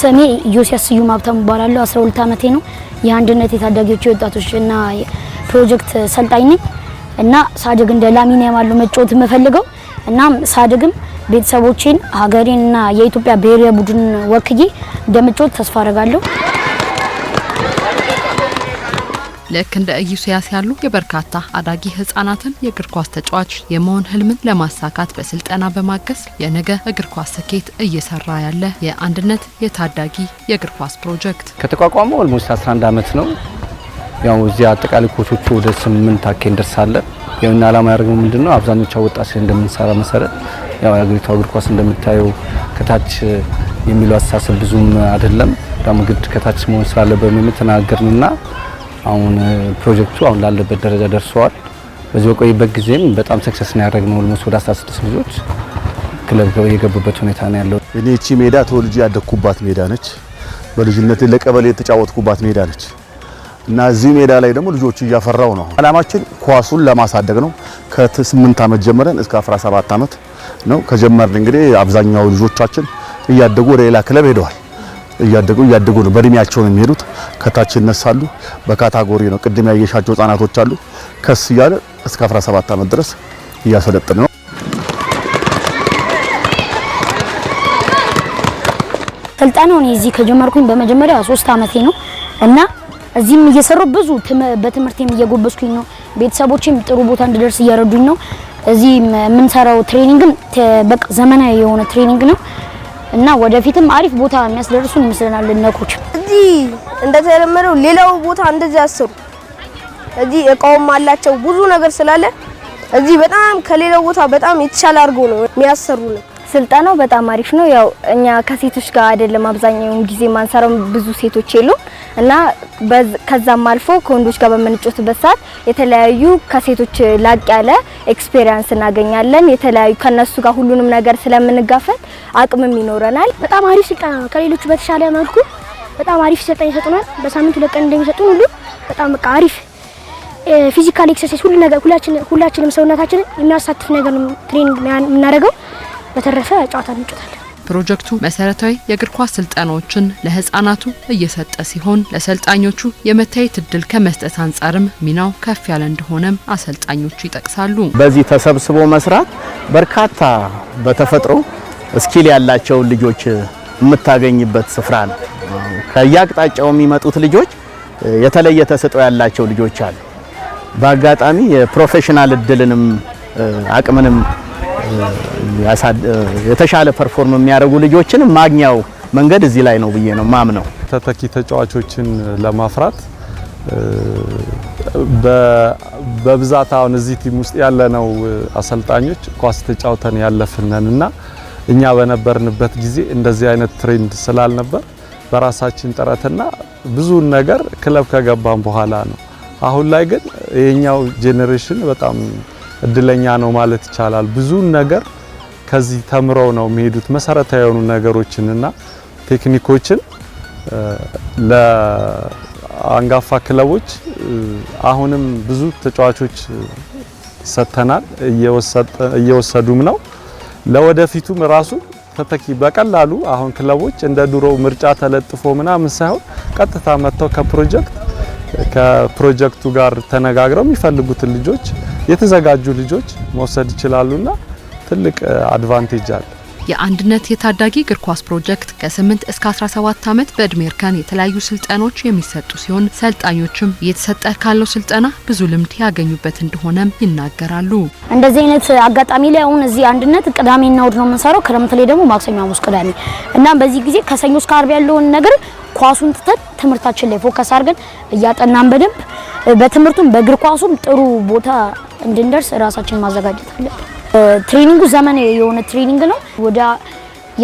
ስሜ ዮሲያስ ስዩም ሀብታሙ እባላለሁ። 12 ዓመቴ ነው። የአንድነት የታዳጊዎች የወጣቶች እና ፕሮጀክት ሰልጣኝ ነኝ እና ሳድግ እንደ ላሚን ያማሉ መጫወት የምፈልገው እናም ሳድግም ቤተሰቦቼን ሀገሬን እና የኢትዮጵያ ብሔራዊ ቡድን ወክዬ እንደምጫወት ተስፋ አደርጋለሁ። ልክ እንደ ኢዩሲያስ ያሉ የበርካታ አዳጊ ህጻናትን የእግር ኳስ ተጫዋች የመሆን ህልምን ለማሳካት በስልጠና በማገዝ የነገ እግር ኳስ ስኬት እየሰራ ያለ የአንድነት የታዳጊ የእግር ኳስ ፕሮጀክት ከተቋቋመ ኦልሞስት 11 ዓመት ነው። ያው እዚህ አጠቃላይ ኮቾቹ ወደ ስምንት አኬ እንደርሳለን። የውና ዓላማ ያደርገው ምንድን ነው? አብዛኞቹ ወጣት እንደምንሰራ መሰረት ያው የአገሪቷ እግር ኳስ እንደምታየው ከታች የሚለው አስተሳሰብ ብዙም አይደለም። ዳም ግድ ከታች መሆን ስላለበት በምን ተናገርንና አሁን ፕሮጀክቱ አሁን ላለበት ደረጃ ደርሰዋል። በዚህ በቆይበት ጊዜም በጣም ሰክሰስ ነው ያደረግነው። ኦልሞስት ወደ 16 ልጆች ክለብ የገቡበት ሁኔታ ነው ያለው። እኔ እቺ ሜዳ ተወልጄ ያደግኩባት ሜዳ ነች። በልጅነት ለቀበሌ የተጫወትኩባት ሜዳ ነች እና እዚህ ሜዳ ላይ ደግሞ ልጆቹ እያፈራው ነው። አላማችን ኳሱን ለማሳደግ ነው። ከ8 ዓመት ጀምረን እስከ 17 ዓመት ነው ከጀመርን እንግዲህ አብዛኛው ልጆቻችን እያደጉ ወደ ሌላ ክለብ ሄደዋል። እያደጉ እያደጉ ነው። በእድሜያቸው ነው የሚሄዱት። ከታች ይነሳሉ። በካታጎሪ ነው። ቅድም ያየሻቸው ህጻናቶች አሉ። ከስ እያለ እስከ 17 ዓመት ድረስ እያሰለጥን ነው። ስልጠናውን እዚህ ከጀመርኩኝ በመጀመሪያ ሶስት ዓመቴ ነው እና እዚህም እየሰራሁ ብዙ በትምህርቴም እየጎበዝኩኝ ነው። ቤተሰቦቼም ጥሩ ቦታ እንድደርስ እያረዱኝ ነው። እዚህ የምንሰራው ትሬኒንግም በቃ ዘመናዊ የሆነ ትሬኒንግ ነው። እና ወደፊትም አሪፍ ቦታ የሚያስደርሱ ይመስለናል እነ እዚህ እንደተለመደው ሌላው ቦታ እንደዚህ ያሰሩ እዚህ እቃውም አላቸው ብዙ ነገር ስላለ እዚህ በጣም ከሌላው ቦታ በጣም የተሻለ አድርጎ ነው የሚያሰሩ ነው። ስልጠናው በጣም አሪፍ ነው። ያው እኛ ከሴቶች ጋር አይደለም አብዛኛውን ጊዜ ማንሰራው ብዙ ሴቶች የሉም እና ከዛም አልፎ ከወንዶች ጋር በምንጮትበት ሰዓት የተለያዩ ከሴቶች ላቅ ያለ ኤክስፔሪያንስ እናገኛለን። የተለያዩ ከነሱ ጋር ሁሉንም ነገር ስለምንጋፈት አቅምም ይኖረናል። በጣም አሪፍ ስልጠና ነው። ከሌሎቹ በተሻለ መልኩ በጣም አሪፍ ስልጠና ይሰጡናል። በሳምንት ሁለት ቀን እንደሚሰጡን ሁሉ በጣም በቃ አሪፍ ፊዚካል ኤክሰርሳይዝ ሁሉ ነገር ሁላችንም ሰውነታችንን የሚያሳትፍ ነገር ነው ትሬኒንግ የምናደርገው በተረፈ ጨዋታ እንጫወታለን። ፕሮጀክቱ መሰረታዊ የእግር ኳስ ስልጠናዎችን ለህፃናቱ እየሰጠ ሲሆን ለሰልጣኞቹ የመታየት እድል ከመስጠት አንጻርም ሚናው ከፍ ያለ እንደሆነም አሰልጣኞቹ ይጠቅሳሉ። በዚህ ተሰብስቦ መስራት በርካታ በተፈጥሮ እስኪል ያላቸውን ልጆች የምታገኝበት ስፍራ ነው። ከየአቅጣጫው የሚመጡት ልጆች የተለየ ተሰጥኦ ያላቸው ልጆች አሉ። በአጋጣሚ የፕሮፌሽናል እድልንም አቅምንም የተሻለ ፐርፎርም የሚያደርጉ ልጆችን ማግኛው መንገድ እዚህ ላይ ነው ብዬ ነው ማምነው። ተተኪ ተጫዋቾችን ለማፍራት በብዛት አሁን እዚህ ቲም ውስጥ ያለነው አሰልጣኞች ኳስ ተጫውተን ያለፍነን እና እኛ በነበርንበት ጊዜ እንደዚህ አይነት ትሬንድ ስላልነበር በራሳችን ጥረትና ብዙውን ነገር ክለብ ከገባን በኋላ ነው። አሁን ላይ ግን የኛው ጄኔሬሽን በጣም እድለኛ ነው ማለት ይቻላል። ብዙ ነገር ከዚህ ተምረው ነው የሚሄዱት። መሰረታዊ የሆኑ ነገሮችንና ቴክኒኮችን ለአንጋፋ ክለቦች አሁንም ብዙ ተጫዋቾች ሰጥተናል፣ እየወሰዱም ነው። ለወደፊቱም ራሱ ተተኪ በቀላሉ አሁን ክለቦች እንደ ድሮ ምርጫ ተለጥፎ ምናምን ሳይሆን ቀጥታ መጥተው ከፕሮጀክት ከፕሮጀክቱ ጋር ተነጋግረው የሚፈልጉትን ልጆች የተዘጋጁ ልጆች መውሰድ ይችላሉና ትልቅ አድቫንቴጅ አለ። የአንድነት የታዳጊ እግር ኳስ ፕሮጀክት ከ8 እስከ 17 ዓመት በእድሜ እርከን የተለያዩ ስልጠናዎች የሚሰጡ ሲሆን ሰልጣኞችም እየተሰጠ ካለው ስልጠና ብዙ ልምድ ያገኙበት እንደሆነም ይናገራሉ። እንደዚህ አይነት አጋጣሚ ላይ አሁን እዚህ አንድነት ቅዳሜና እሁድ ነው የምንሰራው፣ ክረምት ላይ ደግሞ ማክሰኞ፣ ሐሙስ፣ ቅዳሜ እናም በዚህ ጊዜ ከሰኞ እስከ አርብ ያለውን ነገር ኳሱን ትተን ትምህርታችን ላይ ፎከስ አድርገን እያጠናን በደንብ በትምህርቱም በእግር ኳሱም ጥሩ ቦታ እንድንደርስ ራሳችን ማዘጋጀት አለብን። ትሬኒንጉ ዘመን የሆነ ትሬኒንግ ነው። ወደ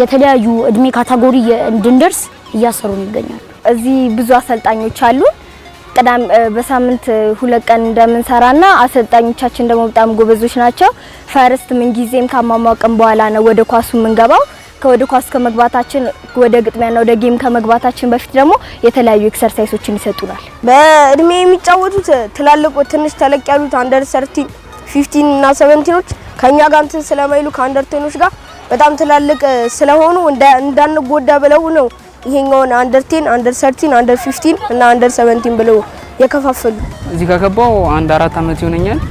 የተለያዩ እድሜ ካታጎሪ እንድንደርስ እያሰሩ ይገኛሉ። እዚህ ብዙ አሰልጣኞች አሉ። ቅዳሜ በሳምንት ሁለት ቀን እንደምንሰራና አሰልጣኞቻችን ደግሞ በጣም ጎበዞች ናቸው። ፈርስት ምን ጊዜም በኋላ ነው ወደ ኳሱ የምንገባው። ከወደ ኳስ ከመግባታችን ወደ ግጥሚያና ወደ ጌም ከመግባታችን በፊት ደግሞ የተለያዩ ኤክሰርሳይሶችን ይሰጡናል። በእድሜ የሚጫወቱት ትላልቅ ትንሽ ተለቅ ያሉት አንደር ሰርቲን ፊፍቲን እና ሰቨንቲኖች ከኛ ጋር እንትን ስለማይሉ ከአንደር ቴኖች ጋር በጣም ትላልቅ ስለሆኑ እንዳንጎዳ ብለው ነው ይሄኛውን አንደር ቴን፣ አንደር ሰርቲን፣ አንደር 15 እና አንደር ሰቨንቲን ብለው የከፋፈሉ። እዚህ ከገባው አንድ አራት አመት ይሆነኛል።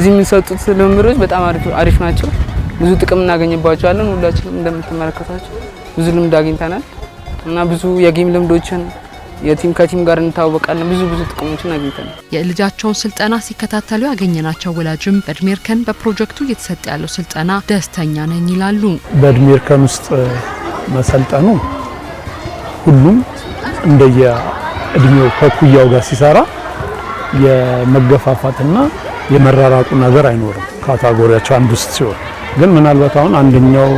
እዚህ የሚሰጡት ልምምዶች በጣም አሪፍ ናቸው። ብዙ ጥቅም እናገኝባቸዋለን። ሁላችንም እንደምትመለከታቸው ብዙ ልምድ አግኝተናል እና ብዙ የጌም ልምዶችን የቲም ከቲም ጋር እንታወቃለን። ብዙ ብዙ ጥቅሞችን አግኝተናል። የልጃቸውን ስልጠና ሲከታተሉ ያገኘናቸው ወላጅም በእድሜርከን በፕሮጀክቱ እየተሰጠ ያለው ስልጠና ደስተኛ ነኝ ይላሉ። በእድሜርከን ውስጥ መሰልጠኑ ሁሉም እንደየ እድሜው ከኩያው ጋር ሲሰራ የመገፋፋትና የመራራቁ ነገር አይኖርም። ካታጎሪያቸው አንዱ ውስጥ ሲሆን ግን ምናልባት አሁን አንደኛው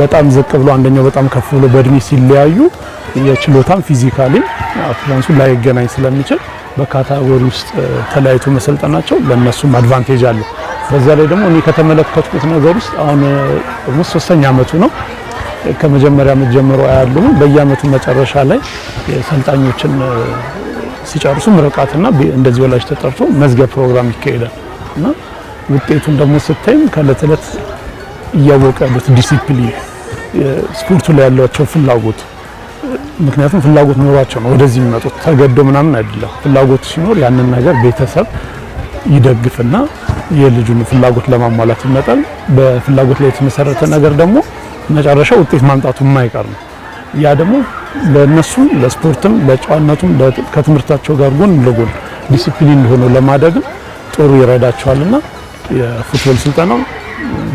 በጣም ዝቅ ብሎ አንደኛው በጣም ከፍ ብሎ በእድሜ ሲለያዩ የችሎታም ፊዚካሊ አፍላንሱ ላይገናኝ ስለሚችል በካታጎሪ ውስጥ ተለያይቶ መሰልጠናቸው ለእነሱም አድቫንቴጅ አለ። በዛ ላይ ደግሞ እኔ ከተመለከትኩት ነገር ውስጥ አሁን ሙስ ሶስተኛ አመቱ ነው። ከመጀመሪያ መጀመሩ አያሉም። በየአመቱ መጨረሻ ላይ ሰልጣኞችን ሲጨርሱ ምርቃትና እንደዚህ ወላጅ ተጠርቶ መዝገብ ፕሮግራም ይካሄዳል እና ውጤቱን ደግሞ ስታይም ከእለት እለት እያወቀ ያሉት ዲሲፕሊን፣ ስፖርቱ ላይ ያላቸው ፍላጎት ምክንያቱም ፍላጎት ኖሯቸው ነው ወደዚህ የሚመጡት ተገዶ ምናምን አይደለም። ፍላጎት ሲኖር ያንን ነገር ቤተሰብ ይደግፍና የልጁን ፍላጎት ለማሟላት ይመጣል። በፍላጎት ላይ የተመሰረተ ነገር ደግሞ መጨረሻ ውጤት ማምጣቱ የማይቀር ነው። ያ ደግሞ ለነሱ ለስፖርትም ለጨዋነቱም ከትምህርታቸው ጋር ጎን ለጎን ዲሲፕሊን ሆኖ ለማደግም ጥሩ ይረዳቸዋልና የፉትቦል ስልጠናው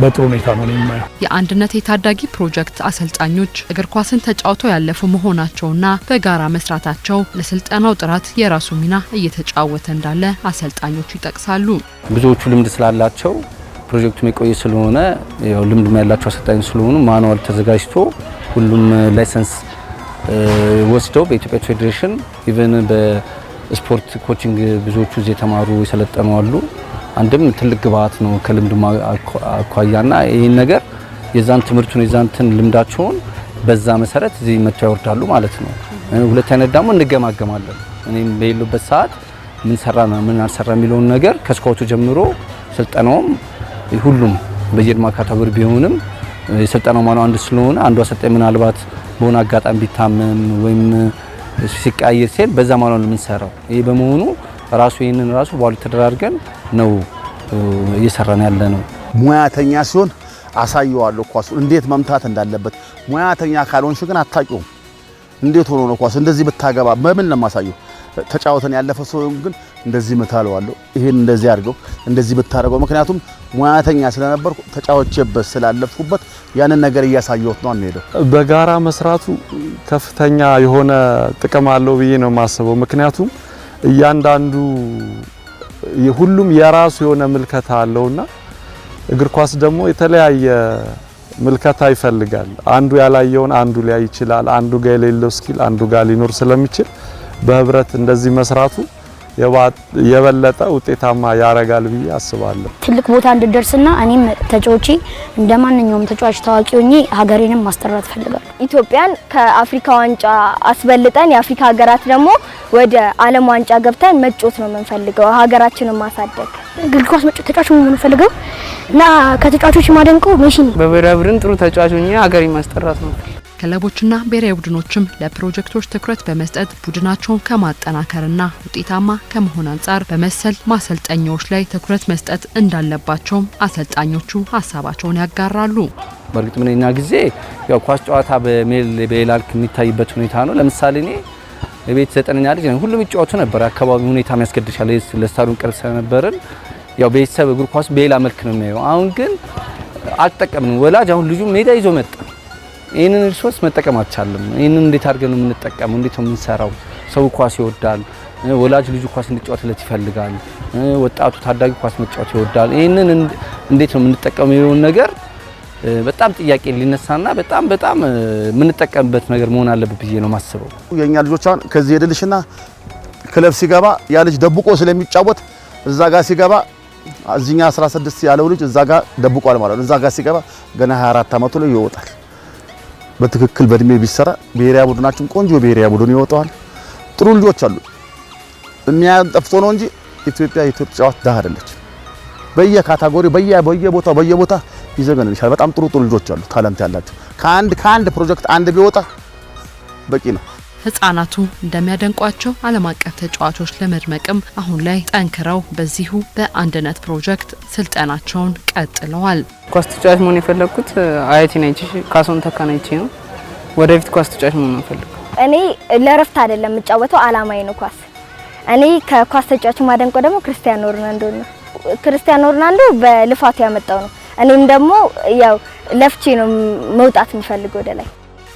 በጥሩ ሁኔታ ነው የማየው። የአንድነት የታዳጊ ፕሮጀክት አሰልጣኞች እግር ኳስን ተጫውተው ያለፉ መሆናቸውና በጋራ መስራታቸው ለስልጠናው ጥራት የራሱ ሚና እየተጫወተ እንዳለ አሰልጣኞቹ ይጠቅሳሉ። ብዙዎቹ ልምድ ስላላቸው ፕሮጀክቱም የቆየ ስለሆነ ያው ልምድም ያላቸው አሰልጣኞች ስለሆኑ ማኑዋል ተዘጋጅቶ ሁሉም ላይሰንስ ወስደው በኢትዮጵያ ፌዴሬሽን ኢቨን በስፖርት ኮቺንግ ብዙዎቹ እዚህ የተማሩ የሰለጠኑ አሉ። አንድም ትልቅ ግብአት ነው ከልምድ አኳያና ይህን ነገር የዛን ትምህርቱን የዛንትን ልምዳቸውን በዛ መሰረት እዚህ መጥተው ያወርዳሉ ማለት ነው። ሁለት አይነት ደግሞ እንገማገማለን። እኔም በሌሉበት ሰዓት ምን ሰራና ምን አልሰራ የሚለውን ነገር ከስኳቱ ጀምሮ ስልጠናውም ሁሉም በየድማ ካታጎሪ ቢሆንም የስልጠናው ማነው አንድ ስለሆነ አንዱ አሰልጣኝ ምናልባት በሆነ አጋጣሚ ቢታመም ወይም ሲቃየር ሲል በዛ ማነው የምንሰራው ይሄ በመሆኑ ራሱ ይህንን ራሱ ባሉ ተደራርገን ነው እየሰራን ያለ ነው። ሙያተኛ ሲሆን አሳየዋለሁ ኳሱ እንዴት መምታት እንዳለበት። ሙያተኛ ካልሆንሽ ግን አታውቂውም። እንዴት ሆኖ ነው ኳስ እንደዚህ ብታገባ በምን ለማሳየው ተጫውተን ያለፈ ሰው ግን እንደዚህ መታለዋለሁ፣ ይሄን እንደዚህ አድርገው፣ እንደዚህ ብታደርገው። ምክንያቱም ሙያተኛ ስለነበርኩ ተጫወቼበት ስላለፍኩበት ያንን ነገር እያሳየሁት ነው አንሄደው። በጋራ መስራቱ ከፍተኛ የሆነ ጥቅም አለው ብዬ ነው የማስበው። ምክንያቱም እያንዳንዱ ሁሉም የራሱ የሆነ ምልከታ አለውና እግር ኳስ ደግሞ የተለያየ ምልከታ ይፈልጋል። አንዱ ያላየውን አንዱ ሊያይ ይችላል። አንዱ ጋር የሌለው ስኪል አንዱ ጋር ሊኖር ስለሚችል በህብረት እንደዚህ መስራቱ የበለጠ ውጤታማ ያረጋል ብዬ አስባለሁ። ትልቅ ቦታ እንድደርስና እኔም ተጫዋቼ እንደ ማንኛውም ተጫዋች ታዋቂ ሆኜ ሀገሬንም ማስጠራት ፈልጋለሁ። ኢትዮጵያን ከአፍሪካ ዋንጫ አስበልጠን የአፍሪካ ሀገራት ደግሞ ወደ ዓለም ዋንጫ ገብተን መጫወት ነው የምንፈልገው፣ ሀገራችንን ማሳደግ። እግር ኳስ ተጫዋች ነው የምንፈልገው እና ከተጫዋቾች ማደንቆ ሜሲን በብሔራዊ ቡድን ጥሩ ተጫዋች ሆኜ ሀገሬ ማስጠራት ነው። ክለቦችና ብሔራዊ ቡድኖችም ለፕሮጀክቶች ትኩረት በመስጠት ቡድናቸውን ከማጠናከርና ውጤታማ ከመሆን አንጻር በመሰል ማሰልጠኛዎች ላይ ትኩረት መስጠት እንዳለባቸውም አሰልጣኞቹ ሀሳባቸውን ያጋራሉ። በእርግጥ ምንኛ ጊዜ ያው ኳስ ጨዋታ በሜል በሌላ ልክ የሚታይበት ሁኔታ ነው። ለምሳሌ እኔ ቤት ዘጠነኛ ልጅ ነኝ። ሁሉም ይጫወቱ ነበር። አካባቢ ሁኔታ ያስገድሻል። ለስታዲየም ቅርብ ስለነበርን ያው ቤተሰብ እግር ኳስ በሌላ መልክ ነው የሚያየው። አሁን ግን አልጠቀምንም። ወላጅ አሁን ልጁ ሜዳ ይዞ መጣ። ይህንን ሪሶርስ መጠቀም አልቻለም። ይህንን እንዴት አድርገን ነው የምንጠቀመው? እንዴት ነው የምንሰራው? ሰው ኳስ ይወዳል። ወላጅ ልጁ ኳስ እንዲጫወትለት ይፈልጋል። ወጣቱ ታዳጊ ኳስ መጫወት ይወዳል። ይህንን እንዴት ነው የምንጠቀመው የሚለውን ነገር በጣም ጥያቄ ሊነሳና በጣም በጣም የምንጠቀምበት ነገር መሆን አለበት ብዬ ነው ማስበው። የእኛ ልጆች አሁን ከዚህ ሄደልሽና ክለብ ሲገባ ያ ልጅ ደብቆ ስለሚጫወት እዛ ጋር ሲገባ እዚኛ 16 ያለው ልጅ እዛ ጋር ደብቋል ማለት ነው። እዛ ጋር ሲገባ ገና 24 ዓመቱ ላይ ይወጣል። በትክክል በእድሜ ቢሰራ ብሔራዊ ቡድናችን ቆንጆ ብሔራዊ ቡድን ይወጣዋል። ጥሩ ልጆች አሉ። የሚያጠፍቶ ነው እንጂ ኢትዮጵያ የኢትዮጵያ ጨዋታ ድሃ በየካታጎሪ በየ በየቦታ በየቦታ ይዘገንልሻል። በጣም ጥሩ ጥሩ ልጆች አሉ፣ ታለንት ያላቸው ከአንድ ከአንድ ፕሮጀክት አንድ ቢወጣ በቂ ነው። ህጻናቱ እንደሚያደንቋቸው ዓለም አቀፍ ተጫዋቾች ለመድመቅም አሁን ላይ ጠንክረው በዚሁ በአንድነት ፕሮጀክት ስልጠናቸውን ቀጥለዋል። ኳስ ተጫዋች መሆን የፈለግኩት አያቴ ነች ካሶን ተካ ነች ነው። ወደፊት ኳስ ተጫዋች መሆን የምፈልግ እኔ ለረፍት አይደለም የምጫወተው፣ አላማዬ ነው ኳስ። እኔ ከኳስ ተጫዋች ማደንቆ ደግሞ ክርስቲያኖ ሮናልዶ ነው። ክርስቲያኖ ሮናልዶ በልፋት ያመጣው ነው። እኔም ደግሞ ያው ለፍቼ ነው መውጣት የሚፈልግ ወደ ላይ።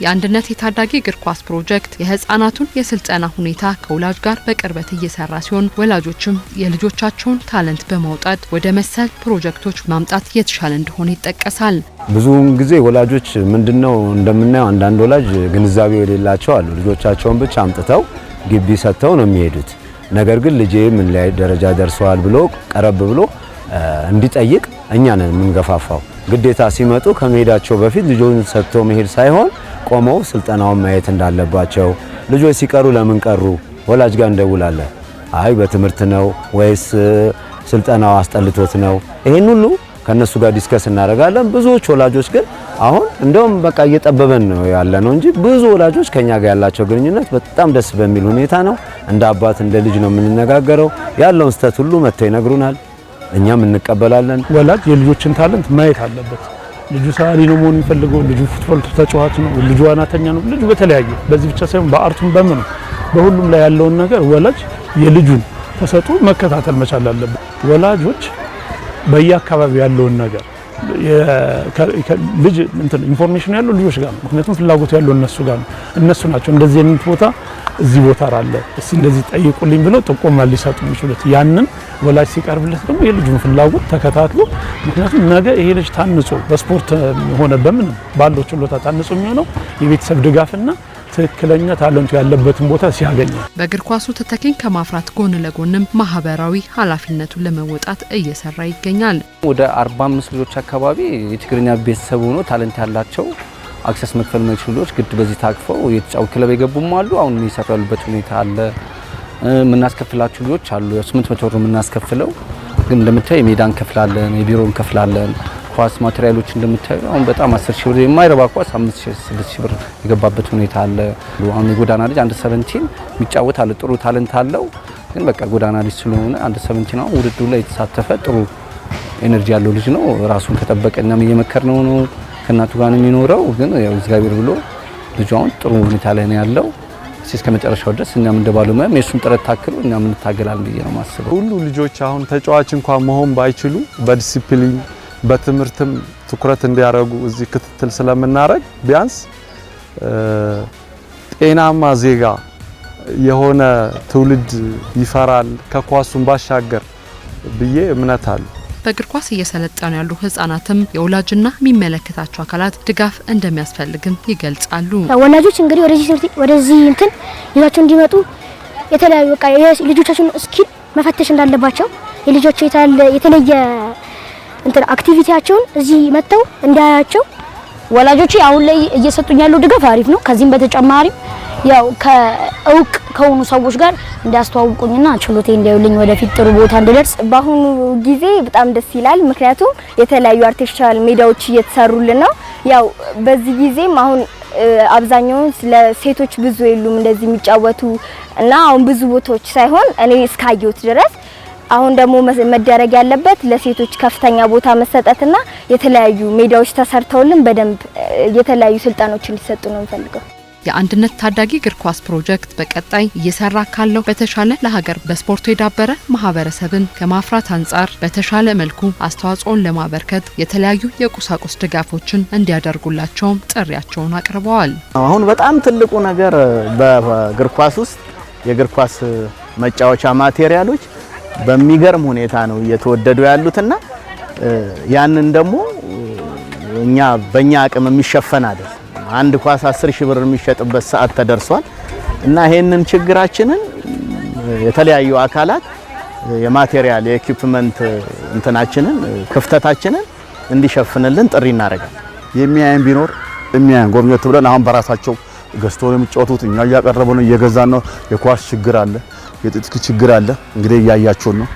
የአንድነት የታዳጊ እግር ኳስ ፕሮጀክት የህፃናቱን የስልጠና ሁኔታ ከወላጅ ጋር በቅርበት እየሰራ ሲሆን ወላጆችም የልጆቻቸውን ታለንት በማውጣት ወደ መሰል ፕሮጀክቶች ማምጣት የተሻለ እንደሆነ ይጠቀሳል። ብዙውን ጊዜ ወላጆች ምንድነው እንደምናየው አንዳንድ ወላጅ ግንዛቤው የሌላቸው አሉ። ልጆቻቸውን ብቻ አምጥተው ግቢ ሰጥተው ነው የሚሄዱት። ነገር ግን ልጄ ምን ላይ ደረጃ ደርሰዋል ብሎ ቀረብ ብሎ እንዲጠይቅ እኛ ነን የምንገፋፋው። ግዴታ ሲመጡ ከመሄዳቸው በፊት ልጆን ሰጥቶ መሄድ ሳይሆን ቆመው ስልጠናውን ማየት እንዳለባቸው። ልጆች ሲቀሩ ለምን ቀሩ ወላጅ ጋር እንደውላለን። አይ በትምህርት ነው ወይስ ስልጠናው አስጠልቶት ነው? ይሄን ሁሉ ከነሱ ጋር ዲስከስ እናደርጋለን። ብዙዎች ወላጆች ግን አሁን እንደውም በቃ እየጠበበን ነው ያለ ነው እንጂ ብዙ ወላጆች ከኛ ጋር ያላቸው ግንኙነት በጣም ደስ በሚል ሁኔታ ነው። እንደ አባት እንደ ልጅ ነው የምንነጋገረው። ያለውን ስህተት ሁሉ መጥተው ይነግሩናል፣ እኛም እንቀበላለን። ወላጅ የልጆችን ታለንት ማየት አለበት። ልጁ ሰዓሊ ነው መሆን የሚፈልገው፣ ልጁ ፉትቦል ተጫዋች ነው፣ ልጁ ዋናተኛ ነው፣ ልጁ በተለያየ በዚህ ብቻ ሳይሆን በአርቱም በምኑ በሁሉም ላይ ያለውን ነገር ወላጅ የልጁን ተሰጡ መከታተል መቻል አለበት። ወላጆች በየአካባቢው ያለውን ነገር ልጅ እንትን ኢንፎርሜሽን ያለው ልጆች ጋር ነው። ምክንያቱም ፍላጎቱ ያለው እነሱ ጋር ነው። እነሱ ናቸው እንደዚህ የሚት ቦታ እዚህ ቦታ አለ እስ እንደዚህ ጠይቁልኝ ብለው ጥቆማ ሊሰጡ የሚችሉት። ያንን ወላጅ ሲቀርብለት ደግሞ የልጁን ፍላጎት ተከታትሎ ምክንያቱም ነገ ይሄ ልጅ ታንጾ በስፖርት ሆነ በምን ባለው ችሎታ ታንጾ የሚሆነው የቤተሰብ ድጋፍና ትክክለኛ ታለንቱ ያለበትን ቦታ ሲያገኝ በእግር ኳሱ ተተኪን ከማፍራት ጎን ለጎንም ማህበራዊ ኃላፊነቱን ለመወጣት እየሰራ ይገኛል። ወደ 45 ልጆች አካባቢ የትግርኛ ቤተሰብ ሆኖ ታለንት ያላቸው አክሰስ መክፈል ማይችሉ ልጆች ግድ በዚህ ታቅፈው የተጫው ክለብ የገቡም አሉ። አሁን እየሰሩ ያሉበት ሁኔታ አለ። የምናስከፍላቸው ልጆች አሉ። 800 ብር የምናስከፍለው ግን እንደምታይ የሜዳ እንከፍላለን፣ የቢሮ እንከፍላለን ኳስ ማቴሪያሎች እንደምታዩ አሁን በጣም 10 ሺህ ብር የማይረባ ኳስ 5 ሺህ 6 ሺህ ብር የገባበት ሁኔታ አለ። አሁን የጎዳና ልጅ አንድ 17 የሚጫወት አለ፣ ጥሩ ታለንት አለው። ግን በቃ ጎዳና ልጅ ስለሆነ አንድ 17 አሁን ውድድሩ ላይ የተሳተፈ ጥሩ ኤነርጂ ያለው ልጅ ነው። ራሱን ከጠበቀ እኛም እየመከር ነው ነው ከእናቱ ጋር ነው የሚኖረው። ግን ያው እግዚአብሔር ብሎ ልጁ አሁን ጥሩ ሁኔታ ላይ ነው ያለው። እስከ መጨረሻው ድረስ እኛም እንደ ባለሙያም የእሱን ጥረት ታክሎ እኛም እንታገላለን ብዬ ነው የማስበው። ሁሉ ልጆች አሁን ተጫዋች እንኳን መሆን ባይችሉ በዲሲፕሊን በትምህርትም ትኩረት እንዲያደርጉ እዚህ ክትትል ስለምናደርግ ቢያንስ ጤናማ ዜጋ የሆነ ትውልድ ይፈራል ከኳሱን ባሻገር ብዬ እምነት አለ። በእግር ኳስ እየሰለጠኑ ያሉ ህጻናትም የወላጅና የሚመለከታቸው አካላት ድጋፍ እንደሚያስፈልግም ይገልጻሉ። ወላጆች እንግዲህ ወደዚህ እንትን ይዟቸው እንዲመጡ የተለያዩ በቃ ልጆቻችን እስኪል መፈተሽ እንዳለባቸው የልጆቹ የተለየ እንትን አክቲቪቲያቸውን እዚህ መጥተው እንዳያቸው ወላጆች አሁን ላይ እየሰጡኝ ያለው ድጋፍ አሪፍ ነው። ከዚህም በተጨማሪም ያው ከእውቅ ከሆኑ ሰዎች ጋር እንዳስተዋውቁኝና ችሎቴ እንዳይውልኝ ወደፊት ጥሩ ቦታ እንድደርስ በአሁኑ ጊዜ በጣም ደስ ይላል። ምክንያቱም የተለያዩ አርቲፊሻል ሜዳዎች እየተሰሩልን ነው። ያው በዚህ ጊዜም አሁን አብዛኛውን ለሴቶች ብዙ የሉም እንደዚህ የሚጫወቱ እና አሁን ብዙ ቦታዎች ሳይሆን እኔ እስካየሁት ድረስ አሁን ደግሞ መደረግ ያለበት ለሴቶች ከፍተኛ ቦታ መሰጠትና የተለያዩ ሜዳዎች ተሰርተውልን በደንብ የተለያዩ ስልጠኖች እንዲሰጡ ነው የሚፈልገው። የአንድነት ታዳጊ እግር ኳስ ፕሮጀክት በቀጣይ እየሰራ ካለው በተሻለ ለሀገር በስፖርቱ የዳበረ ማህበረሰብን ከማፍራት አንጻር በተሻለ መልኩ አስተዋጽኦን ለማበርከት የተለያዩ የቁሳቁስ ድጋፎችን እንዲያደርጉላቸውም ጥሪያቸውን አቅርበዋል። አሁን በጣም ትልቁ ነገር በእግር ኳስ ውስጥ የእግር ኳስ መጫወቻ ማቴሪያሎች በሚገርም ሁኔታ ነው እየተወደዱ ያሉትና ያንን ደግሞ እኛ በእኛ አቅም የሚሸፈን አይደል። አንድ ኳስ 10 ሺህ ብር የሚሸጥበት ሰዓት ተደርሷል እና ይሄንን ችግራችንን የተለያዩ አካላት የማቴሪያል የኢኩፕመንት እንትናችንን ክፍተታችንን እንዲሸፍንልን ጥሪ እናደርጋለን። የሚያየን ቢኖር የሚያየን ጎብኘት ብለን አሁን በራሳቸው ገዝቶ ነው የሚጫወቱት። እኛ እያቀረበ ነው እየገዛን ነው። የኳስ ችግር አለ። የጥጥቅ ችግር አለ። እንግዲህ እያያቸውን ነው።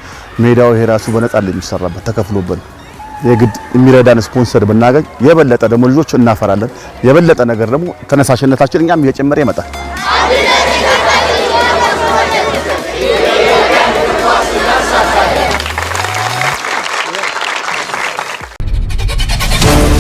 ሜዳው ይሄ ራሱ በነጻ የሚሰራበት ተከፍሎብን የግድ የሚረዳን ስፖንሰር ብናገኝ የበለጠ ደግሞ ልጆች እናፈራለን። የበለጠ ነገር ደግሞ ተነሳሽነታችን እኛም እየጨመረ ይመጣል።